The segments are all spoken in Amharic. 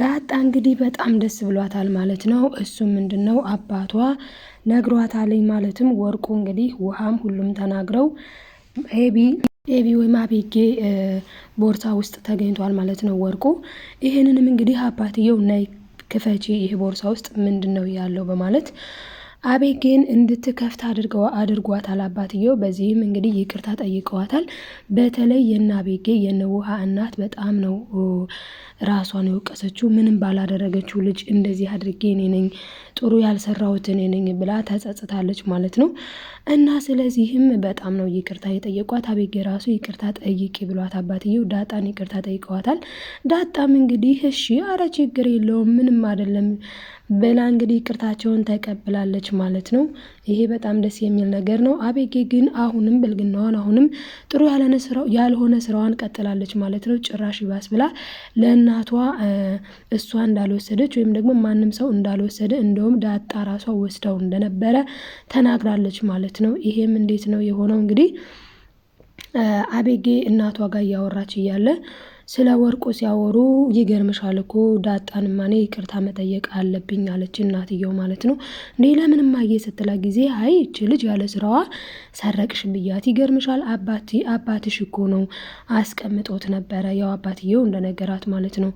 ዳጣ እንግዲህ በጣም ደስ ብሏታል ማለት ነው። እሱም ምንድን ነው አባቷ ነግሯታል ማለትም ወርቁ እንግዲህ ውሃም ሁሉም ተናግረው ቢ ኤቢ ወይም አቤጌ ቦርሳ ውስጥ ተገኝቷል ማለት ነው ወርቁ። ይህንንም እንግዲህ አባትየው ናይ ክፈቺ፣ ይህ ቦርሳ ውስጥ ምንድን ነው ያለው በማለት አቤጌን እንድትከፍት አድርገዋ አድርጓታል አባትየው። በዚህም እንግዲህ ይቅርታ ጠይቀዋታል። በተለይ የነ አቤጌ የነ ውሃ እናት በጣም ነው ራሷን የወቀሰችው። ምንም ባላደረገችው ልጅ እንደዚህ አድርጌ እኔ ነኝ ጥሩ ያልሰራሁት እኔ ነኝ ብላ ተጸጽታለች ማለት ነው። እና ስለዚህም በጣም ነው ይቅርታ የጠየቋት። አቤጌ ራሱ ይቅርታ ጠይቂ ብሏት አባትየው ዳጣን ይቅርታ ጠይቀዋታል። ዳጣም እንግዲህ እሺ፣ አረ ችግር የለውም ምንም አይደለም ብላ እንግዲህ ይቅርታቸውን ተቀብላለች ማለት ነው። ይሄ በጣም ደስ የሚል ነገር ነው። አቤጌ ግን አሁንም ብልግናዋን አሁንም ጥሩ ያልሆነ ስራዋን ቀጥላለች ማለት ነው። ጭራሽ ይባስ ብላ ለእናቷ እሷ እንዳልወሰደች ወይም ደግሞ ማንም ሰው እንዳልወሰደ እንደውም ዳጣ ራሷ ወስደው እንደነበረ ተናግራለች ማለት ነው። ይሄም እንዴት ነው የሆነው እንግዲህ አቤጌ እናቷ ጋር እያወራች እያለ ስለ ወርቁ ሲያወሩ ይገርምሻል እኮ ዳጣን ማኔ ይቅርታ መጠየቅ አለብኝ አለች እናትየው ማለት ነው። እንዴ ለምን እማዬ ስትላ ጊዜ አይ እች ልጅ ያለ ስራዋ ሰረቅሽ ብያት ይገርምሻል አባትሽ እኮ ነው አስቀምጦት ነበረ። ያው አባትየው እንደነገራት ማለት ነው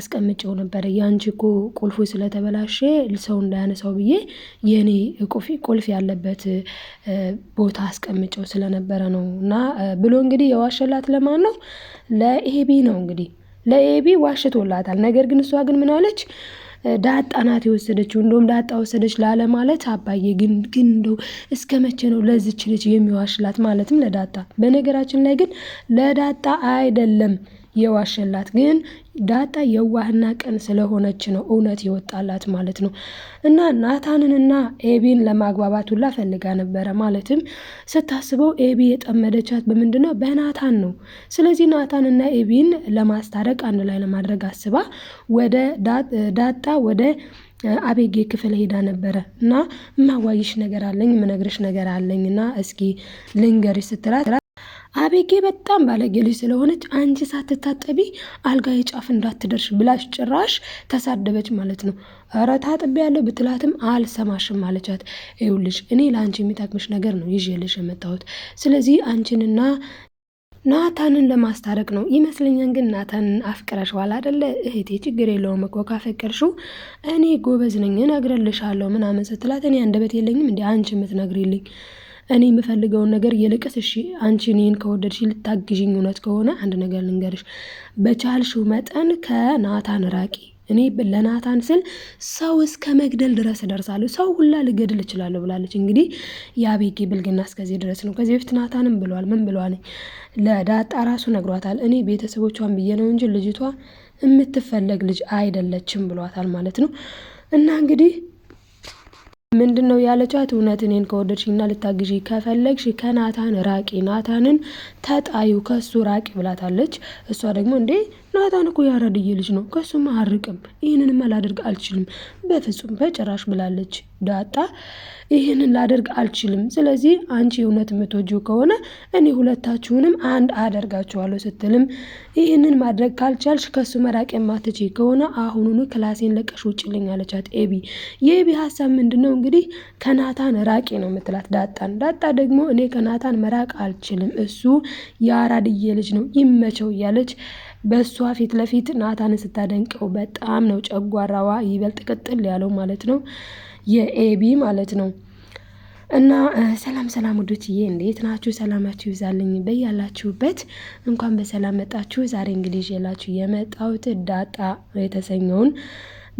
አስቀምጨው ነበረ። ያንቺ እኮ ቁልፉ ስለተበላሸ ሰው እንዳያነሳው ብዬ የኔ ቁልፍ ያለበት ቦታ አስቀምጨው ስለነበረ ነው እና ብሎ እንግዲህ የዋሸላት ለማን ነው ለኤቢ ነው ነው እንግዲህ ለኤቢ ዋሽቶላታል። ነገር ግን እሷ ግን ምን አለች? ዳጣ ናት የወሰደችው። እንደውም ዳጣ ወሰደች ላለ ማለት አባዬ ግን ግን እንደው እስከ መቼ ነው ለዚች ልጅ የሚዋሽላት? ማለትም ለዳጣ በነገራችን ላይ ግን ለዳጣ አይደለም የዋሸላት ግን ዳጣ የዋህና ቀን ስለሆነች ነው እውነት ይወጣላት ማለት ነው። እና ናታንንና ኤቢን ለማግባባት ሁላ ፈልጋ ነበረ። ማለትም ስታስበው ኤቢ የጠመደቻት በምንድነው? በናታን ነው። ስለዚህ ናታንና ኤቢን ለማስታረቅ አንድ ላይ ለማድረግ አስባ ወደ ዳጣ ወደ አቤጌ ክፍል ሄዳ ነበረ እና ማዋይሽ ነገር አለኝ ምነግርሽ ነገር አለኝ እና እስኪ ልንገርሽ ስትላት አቤጌ በጣም ባለጌ ልጅ ስለሆነች አንቺ ሳትታጠቢ አልጋ የጫፍ እንዳትደርሽ ብላሽ ጭራሽ ተሳደበች ማለት ነው። ኧረ ታጥቤ ያለው ብትላትም አልሰማሽም ማለቻት። ይኸውልሽ እኔ ለአንቺ የሚጠቅምሽ ነገር ነው ይዤልሽ የመጣሁት ስለዚህ አንቺንና ናታንን ለማስታረቅ ነው ይመስለኛን። ግን ናታንን አፍቅረሽዋል አደለ? እህቴ ችግር የለውም እኮ ካፈቀርሽው እኔ ጎበዝ ነኝ እነግርልሻለሁ ምናምን ስትላት እኔ አንደበት የለኝም እንዲ አንቺ የምትነግሪልኝ እኔ የምፈልገውን ነገር ይልቅስ እሺ አንቺ እኔን ከወደድሽ ልታግዥኝ እውነት ከሆነ አንድ ነገር ልንገርሽ፣ በቻልሽው መጠን ከናታን ራቂ። እኔ ለናታን ስል ሰው እስከ መግደል ድረስ እደርሳለሁ፣ ሰው ሁላ ልገድል እችላለሁ ብላለች። እንግዲህ የአቤጌ ብልግና እስከዚህ ድረስ ነው። ከዚህ በፊት ናታንም ብለዋል ምን ብለዋል ለዳጣ ራሱ ነግሯታል። እኔ ቤተሰቦቿን ብዬ ነው እንጂ ልጅቷ የምትፈለግ ልጅ አይደለችም ብሏታል ማለት ነው እና እንግዲህ ምንድነው ያለቻት እውነት እኔን ከወደድሽኝና ልታግዢ ከፈለግሽ ከናታን ራቂ ናታንን ተጣዩ ከሱ ራቂ ብላታለች። እሷ ደግሞ እንዴ ናታን እኮ የአራድዬ ልጅ ነው። ከሱም አርቅም። ይህንን ላደርግ አልችልም በፍጹም በጭራሽ ብላለች ዳጣ። ይህንን ላደርግ አልችልም። ስለዚህ አንቺ የእውነት የምትወጂው ከሆነ እኔ ሁለታችሁንም አንድ አደርጋችኋለሁ ስትልም ይህንን ማድረግ ካልቻልሽ ከሱ መራቅ የማትች ከሆነ አሁኑኑ ክላሴን ለቀሽ ውጭልኝ አለቻት ኤቢ። የኤቢ ሀሳብ ምንድን ነው እንግዲህ ከናታን ራቂ ነው የምትላት ዳጣን። ዳጣ ደግሞ እኔ ከናታን መራቅ አልችልም፣ እሱ የአራድዬ ልጅ ነው ይመቸው እያለች በእሷ ፊት ለፊት ናታን ስታደንቀው በጣም ነው ጨጓራዋ ይበልጥ ቅጥል ያለው ማለት ነው፣ የኤቢ ማለት ነው። እና ሰላም ሰላም ውዶችዬ፣ እንዴት ናችሁ? ሰላማችሁ ይብዛልኝ በያላችሁበት። እንኳን በሰላም መጣችሁ። ዛሬ እንግዲህ ይዤላችሁ የመጣሁት ዳጣ የተሰኘውን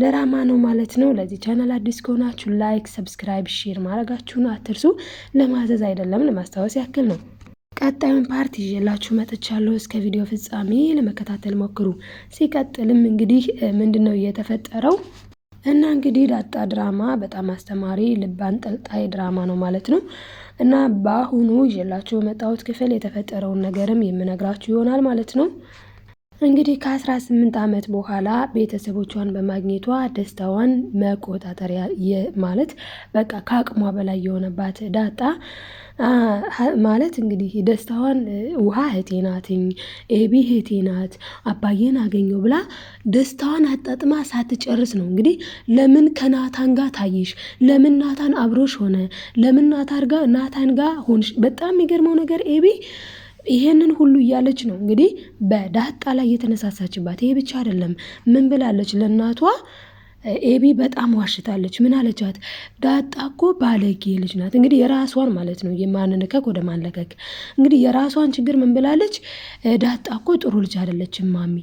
ድራማ ነው ማለት ነው። ለዚህ ቻናል አዲስ ከሆናችሁ ላይክ፣ ሰብስክራይብ፣ ሼር ማድረጋችሁን አትርሱ። ለማዘዝ አይደለም ለማስታወስ ያክል ነው። ቀጣዩን ፓርት ይዤላችሁ መጥቻለሁ። እስከ ቪዲዮ ፍጻሜ ለመከታተል ሞክሩ። ሲቀጥልም እንግዲህ ምንድን ነው እየተፈጠረው እና እንግዲህ ዳጣ ድራማ በጣም አስተማሪ ልብ አንጠልጣይ ድራማ ነው ማለት ነው። እና በአሁኑ ይዤላችሁ መጣሁት ክፍል የተፈጠረውን ነገርም የምነግራችሁ ይሆናል ማለት ነው። እንግዲህ ከ18 ዓመት በኋላ ቤተሰቦቿን በማግኘቷ ደስታዋን መቆጣጠሪያ ማለት በቃ ከአቅሟ በላይ የሆነባት ዳጣ ማለት እንግዲህ ደስታዋን ውሃ እህቴ ናትኝ፣ ኤቢ እህቴ ናት፣ አባዬን አገኘው ብላ ደስታዋን አጣጥማ ሳትጨርስ ነው እንግዲህ ለምን ከናታን ጋር ታየሽ? ለምን ናታን አብሮሽ ሆነ? ለምን ናታን ጋር ናታን ጋር ሆንሽ? በጣም የሚገርመው ነገር ኤቢ ይሄንን ሁሉ እያለች ነው እንግዲህ በዳጣ ላይ የተነሳሳችባት። ይሄ ብቻ አይደለም ምን ብላለች ለእናቷ ኤቢ በጣም ዋሽታለች። ምን አለቻት? ዳጣ እኮ ባለጌ ልጅ ናት። እንግዲህ የራሷን ማለት ነው የማንነከክ ወደ ማንለከክ እንግዲህ የራሷን ችግር ምን ብላለች? ዳጣ እኮ ጥሩ ልጅ አይደለችም ማሚ፣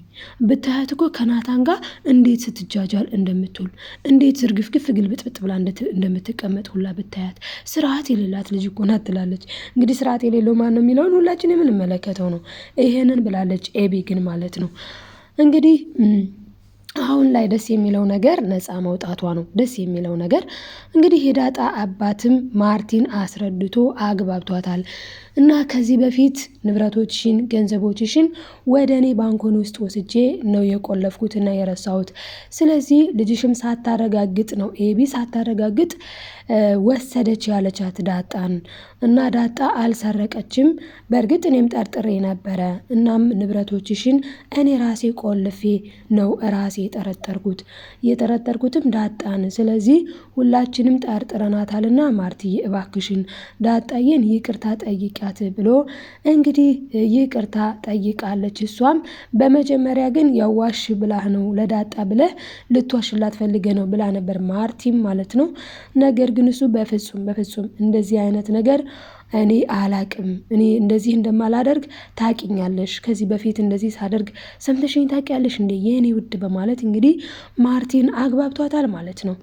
ብታያት እኮ ከናታን ጋር እንዴት ስትጃጃል እንደምትውል እንዴት ዝርግፍግፍ ግልብጥብጥ ብላ እንደምትቀመጥ ሁላ ብታያት፣ ስርዓት የሌላት ልጅ እኮ ናት ትላለች። እንግዲህ ስርዓት የሌለው ማን ነው የሚለውን ሁላችን የምንመለከተው ነው። ይሄንን ብላለች ኤቢ ግን ማለት ነው እንግዲህ አሁን ላይ ደስ የሚለው ነገር ነፃ መውጣቷ ነው። ደስ የሚለው ነገር እንግዲህ የዳጣ አባትም ማርቲን አስረድቶ አግባብቷታል። እና ከዚህ በፊት ንብረቶችሽን፣ ገንዘቦችሽን ወደ እኔ ባንኮን ውስጥ ወስጄ ነው የቆለፍኩት እና የረሳሁት። ስለዚህ ልጅሽም ሳታረጋግጥ ነው ኤቢ ሳታረጋግጥ ወሰደች ያለቻት ዳጣን እና ዳጣ አልሰረቀችም። በእርግጥ እኔም ጠርጥሬ ነበረ። እናም ንብረቶችሽን እኔ ራሴ ቆልፌ ነው ራሴ የጠረጠርኩት የጠረጠርኩትም ዳጣን። ስለዚህ ሁላችንም ጠርጥረናታልና ማርትዬ እባክሽን ዳጣዬን ይቅርታ ጠይቂ አስወጣት ብሎ እንግዲህ ይቅርታ ጠይቃለች። እሷም በመጀመሪያ ግን ያዋሽ ብላህ ነው ለዳጣ ብለህ ልትዋሽላት ፈልገህ ነው ብላ ነበር ማርቲም ማለት ነው። ነገር ግን እሱ በፍጹም በፍጹም እንደዚህ አይነት ነገር እኔ አላቅም፣ እኔ እንደዚህ እንደማላደርግ ታቂኛለሽ፣ ከዚህ በፊት እንደዚህ ሳደርግ ሰምተሽኝ ታቂያለሽ እንዴ የእኔ ውድ በማለት እንግዲህ ማርቲን አግባብቷታል ማለት ነው።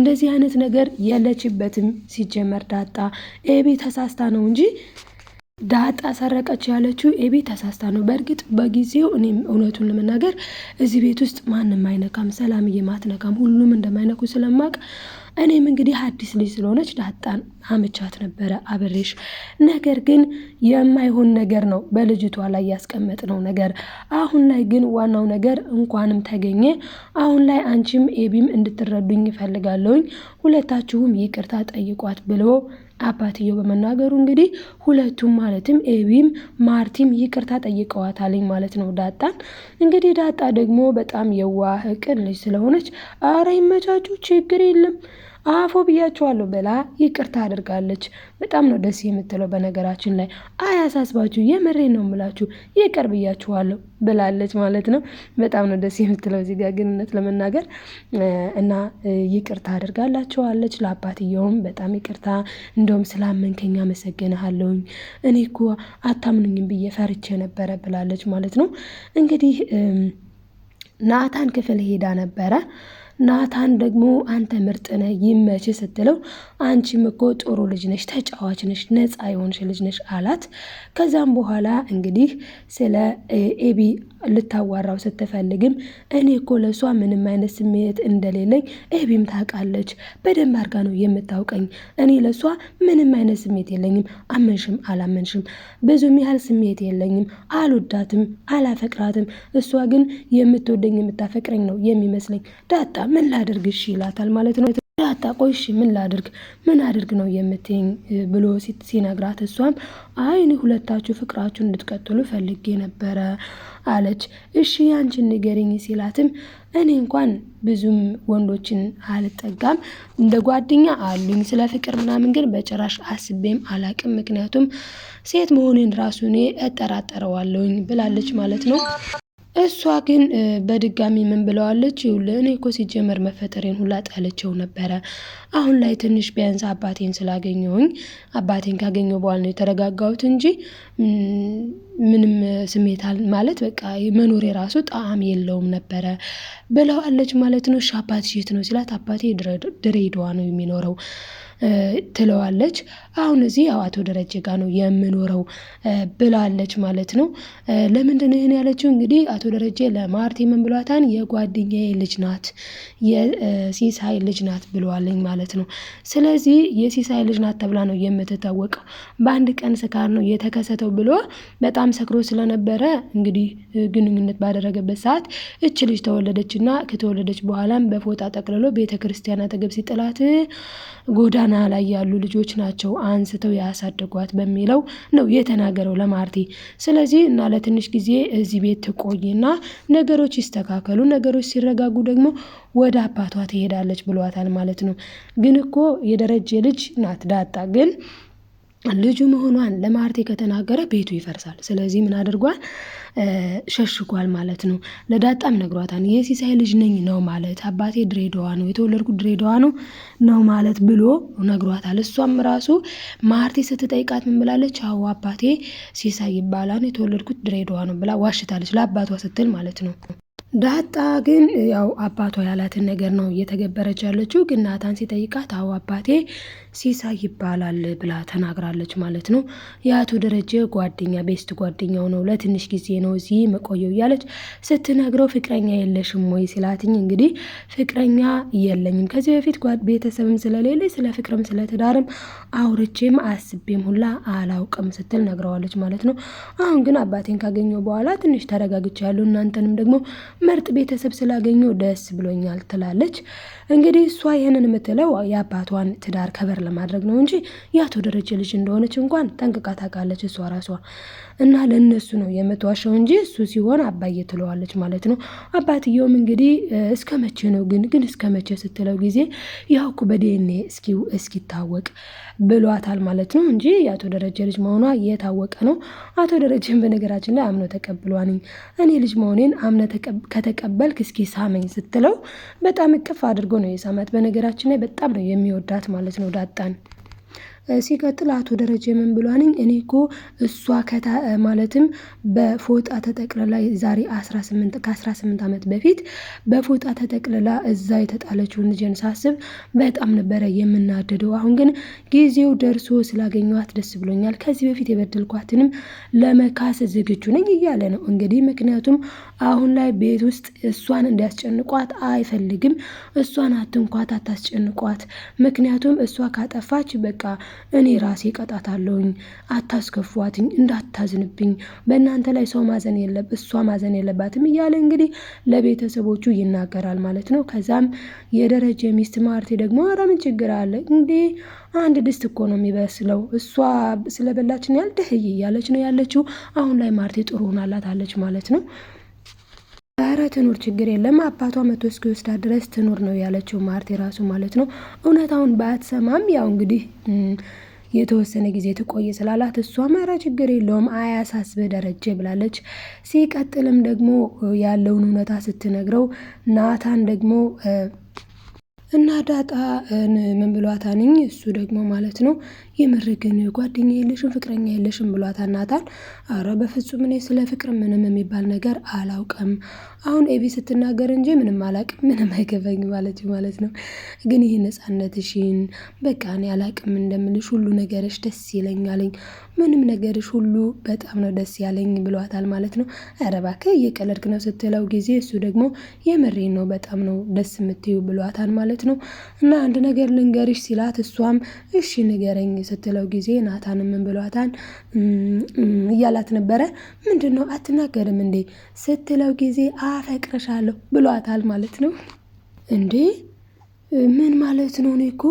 እንደዚህ አይነት ነገር የለችበትም ሲጀመር ዳጣ ኤቤ ተሳስታ ነው እንጂ ዳጣ ሰረቀች ያለችው ኤቢ ተሳስታ ነው። በእርግጥ በጊዜው እኔም እውነቱን ለመናገር እዚህ ቤት ውስጥ ማንም አይነካም፣ ሰላምዬ ማትነካም፣ ሁሉም እንደማይነኩ ስለማቅ እኔም እንግዲህ አዲስ ልጅ ስለሆነች ዳጣን አመቻት ነበረ አብሬሽ። ነገር ግን የማይሆን ነገር ነው በልጅቷ ላይ ያስቀመጥነው ነገር። አሁን ላይ ግን ዋናው ነገር እንኳንም ተገኘ። አሁን ላይ አንቺም ኤቢም እንድትረዱኝ ይፈልጋለውኝ። ሁለታችሁም ይቅርታ ጠይቋት ብለው አባትየው በመናገሩ እንግዲህ ሁለቱም ማለትም ኤቢም ማርቲም ይቅርታ ጠይቀዋታልኝ ማለት ነው ዳጣን። እንግዲህ ዳጣ ደግሞ በጣም የዋህ ቅን ልጅ ስለሆነች አረ ይመቻችሁ፣ ችግር የለም አፎ ብያቸዋለሁ ብላ ይቅርታ አድርጋለች። በጣም ነው ደስ የምትለው። በነገራችን ላይ አያሳስባችሁ፣ የምሬ ነው ምላችሁ፣ ይቅር ብያችኋለሁ ብላለች ማለት ነው። በጣም ነው ደስ የምትለው እዚህ ጋር ግንነት ለመናገር እና ይቅርታ አድርጋላቸዋለች። ለአባትየውም በጣም ይቅርታ፣ እንደውም ስላመንከኝ አመሰግንሃለሁኝ፣ እኔ እኮ አታምኑኝም ብዬ ፈርቼ ነበረ ብላለች ማለት ነው። እንግዲህ ናታን ክፍል ሄዳ ነበረ ናታን ደግሞ አንተ ምርጥ ነህ ይመች ስትለው አንቺም እኮ ጥሩ ልጅ ነሽ፣ ተጫዋች ነሽ፣ ነፃ የሆንሽ ልጅ ነሽ አላት። ከዛም በኋላ እንግዲህ ስለ ኤቢ ልታዋራው ስትፈልግም እኔ እኮ ለእሷ ምንም አይነት ስሜት እንደሌለኝ ኤቢም ታውቃለች። በደንብ አድርጋ ነው የምታውቀኝ። እኔ ለእሷ ምንም አይነት ስሜት የለኝም፣ አመንሽም አላመንሽም ብዙም ያህል ስሜት የለኝም። አልወዳትም፣ አላፈቅራትም። እሷ ግን የምትወደኝ የምታፈቅረኝ ነው የሚመስለኝ ዳጣ ምን ላድርግ እሺ ይላታል ማለት ነው። አታቆሽ ምን ላድርግ ምን አድርግ ነው የምትይኝ ብሎ ሲነግራት እሷም አይ እኔ ሁለታችሁ ፍቅራችሁን እንድትቀጥሉ ፈልጌ ነበረ አለች። እሺ ያንቺን ንገሪኝ ሲላትም እኔ እንኳን ብዙም ወንዶችን አልጠጋም እንደ ጓደኛ አሉኝ፣ ስለ ፍቅር ምናምን ግን በጭራሽ አስቤም አላቅም፣ ምክንያቱም ሴት መሆኔን ራሱ እኔ እጠራጠረዋለሁኝ ብላለች ማለት ነው። እሷ ግን በድጋሚ ምን ብለዋለች? ይኸውልህ እኔ እኮ ሲጀመር መፈጠሬን ሁላ ጠልቼው ነበረ። አሁን ላይ ትንሽ ቢያንስ አባቴን ስላገኘሁኝ አባቴን ካገኘሁ በኋላ ነው የተረጋጋሁት እንጂ ምንም ስሜት ማለት በቃ መኖር የራሱ ጣዕም የለውም ነበረ ብለዋለች ማለት ነው። እሺ አባትሽ የት ነው ሲላት፣ አባቴ ድሬዳዋ ነው የሚኖረው ትለዋለች። አሁን እዚህ ያው አቶ ደረጀ ጋር ነው የምኖረው ብላለች ማለት ነው። ለምንድን ይህን ያለችው እንግዲህ አቶ ደረጀ ለማርቲ ምን ብሏታን የጓደኛዬ ልጅ ናት የሲሳይ ልጅ ናት ብለዋለኝ ማለት ነው። ስለዚህ የሲሳይ ልጅ ናት ተብላ ነው የምትታወቀው። በአንድ ቀን ስካር ነው የተከሰተው ብሎ በጣም ሰክሮ ስለነበረ እንግዲህ ግንኙነት ባደረገበት ሰዓት እች ልጅ ተወለደች እና ከተወለደች በኋላም በፎጣ ጠቅልሎ ቤተ ክርስቲያን አጠገብ ሲጥላት ጎዳ ጎዳና ላይ ያሉ ልጆች ናቸው አንስተው ያሳደጓት በሚለው ነው የተናገረው ለማርቲ። ስለዚህ እና ለትንሽ ጊዜ እዚህ ቤት ትቆይና ነገሮች ይስተካከሉ፣ ነገሮች ሲረጋጉ ደግሞ ወደ አባቷ ትሄዳለች ብሏታል ማለት ነው። ግን እኮ የደረጀ ልጅ ናት ዳጣ ግን ልጁ መሆኗን ለማርቴ ከተናገረ ቤቱ ይፈርሳል። ስለዚህ ምን አድርጓል? ሸሽጓል ማለት ነው። ለዳጣም ነግሯታል። የሲሳይ ልጅ ነኝ ነው ማለት አባቴ ድሬዳዋ ነው የተወለድኩ ድሬዳዋ ነው ነው ማለት ብሎ ነግሯታል። እሷም ራሱ ማርቴ ስትጠይቃት ምን ብላለች? አዎ አባቴ ሲሳይ ይባላል የተወለድኩት ድሬዳዋ ነው ብላ ዋሽታለች፣ ለአባቷ ስትል ማለት ነው። ዳጣ ግን ያው አባቷ ያላትን ነገር ነው እየተገበረች ያለችው። ግን ናታን ሲጠይቃት አዎ አባቴ ሲሳይ ይባላል ብላ ተናግራለች ማለት ነው። የአቶ ደረጀ ጓደኛ ቤስት ጓደኛው ነው፣ ለትንሽ ጊዜ ነው እዚህ መቆየው እያለች ስትነግረው ፍቅረኛ የለሽም ወይ ሲላትኝ፣ እንግዲህ ፍቅረኛ የለኝም ከዚህ በፊት ቤተሰብም ስለሌለ ስለ ፍቅርም ስለ ትዳርም አውርቼም አስቤም ሁላ አላውቅም ስትል ነግረዋለች ማለት ነው። አሁን ግን አባቴን ካገኘው በኋላ ትንሽ ያሉ እናንተንም ደግሞ ምርጥ ቤተሰብ ስላገኘው ደስ ብሎኛል ትላለች። እንግዲህ እሷ ይህንን የምትለው የአባቷን ትዳር ከበር ለማድረግ ነው እንጂ የአቶ ደረጀ ልጅ እንደሆነች እንኳን ጠንቅቃ ታውቃለች እሷ ራሷ እና ለእነሱ ነው የምትዋሸው እንጂ እሱ ሲሆን አባዬ ትለዋለች ማለት ነው። አባትየውም እንግዲህ እስከ መቼ ነው ግን ግን እስከ መቼ ስትለው ጊዜ ያው እኮ በዲኤንኤ እስኪታወቅ ብሏታል ማለት ነው እንጂ የአቶ ደረጀ ልጅ መሆኗ የታወቀ ነው። አቶ ደረጀን በነገራችን ላይ አምነው ተቀብሏንኝ እኔ ልጅ መሆኔን አምነ ተቀብ ከተቀበልክ እስኪ ሳመኝ ስትለው በጣም እቅፍ አድርጎ ነው የሳማት። በነገራችን ላይ በጣም ነው የሚወዳት ማለት ነው ዳጣን። ሲቀጥል አቶ ደረጀ ምን ብሏንኝ እኔ እኮ እሷ ከታ ማለትም በፎጣ ተጠቅልላ ዛሬ ከ18 ዓመት በፊት በፎጣ ተጠቅልላ እዛ የተጣለችውን ልጅን ሳስብ በጣም ነበረ የምናደደው። አሁን ግን ጊዜው ደርሶ ስላገኘኋት ደስ ብሎኛል። ከዚህ በፊት የበደልኳትንም ለመካስ ዝግጁ ነኝ እያለ ነው እንግዲህ። ምክንያቱም አሁን ላይ ቤት ውስጥ እሷን እንዲያስጨንቋት አይፈልግም። እሷን አትንኳት፣ አታስጨንቋት። ምክንያቱም እሷ ካጠፋች በቃ እኔ ራሴ ቀጣታለሁኝ። አታስከፏትኝ፣ እንዳታዝንብኝ፣ በእናንተ ላይ ሰው ማዘን የለብ እሷ ማዘን የለባትም እያለ እንግዲህ ለቤተሰቦቹ ይናገራል ማለት ነው። ከዛም የደረጀ ሚስት ማርቴ ደግሞ ኧረ ምን ችግር አለ እንዴ አንድ ድስት እኮ ነው የሚበስለው እሷ ስለበላችን ያልደህይ እያለች ነው ያለችው። አሁን ላይ ማርቴ ጥሩ ሆናላት አለች ማለት ነው። ዛራ ትኑር ችግር የለም አባቷ መቶ እስኪወስዳት ድረስ ትኑር ነው ያለችው ማርቴ የራሱ ማለት ነው። እውነታውን ባትሰማም ያው እንግዲህ የተወሰነ ጊዜ ትቆይ ስላላት እሷ ማራ ችግር የለውም አያሳስብህ ደረጀ ብላለች። ሲቀጥልም ደግሞ ያለውን እውነታ ስትነግረው ናታን ደግሞ እና ዳጣ ምን እሱ ደግሞ ማለት ነው የምር ግን ጓደኛ የለሽም ፍቅረኛ የለሽም ብሏት አናታል። አረ በፍጹም እኔ ስለ ፍቅር ምንም የሚባል ነገር አላውቅም። አሁን ኤቢ ስትናገር እንጂ ምንም አላውቅም ምንም አይገባኝ ማለት ማለት ነው። ግን ይህ ነፃነትሽን በቃ እኔ አላቅም እንደምልሽ ሁሉ ነገርሽ ደስ ይለኛለኝ፣ ምንም ነገርሽ ሁሉ በጣም ነው ደስ ያለኝ ብሏታል ማለት ነው። አረ እባክህ እየቀለድክ ነው ስትለው ጊዜ እሱ ደግሞ የምሬን ነው በጣም ነው ደስ የምትዩ ብሏታል ማለት ነው። እና አንድ ነገር ልንገርሽ ሲላት እሷም እሺ ንገረኝ ስትለው ጊዜ ናታን ምን ብሏታን እያላት ነበረ። ምንድን ነው አትናገርም እንዴ ስትለው ጊዜ አፈቅረሻለሁ ብሏታል ማለት ነው እንዴ ምን ማለት ነው? እኔ እኮ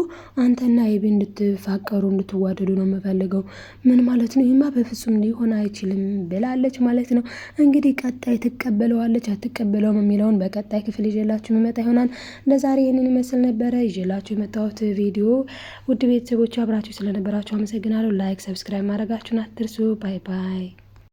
አንተና ኤቢ እንድትፋቀሩ እንድትዋደዱ ነው የምፈልገው። ምን ማለት ነው? ይህማ በፍጹም ሊሆን አይችልም ብላለች ማለት ነው። እንግዲህ ቀጣይ ትቀበለዋለች አትቀበለውም የሚለውን በቀጣይ ክፍል ይዤላችሁ መመጣ ይሆናል። ለዛሬ ይህንን ይመስል ነበረ ይዤላችሁ የመጣሁት ቪዲዮ። ውድ ቤተሰቦች አብራችሁ ስለነበራችሁ አመሰግናለሁ። ላይክ፣ ሰብስክራይብ ማድረጋችሁን አትርሱ። ባይ ባይ።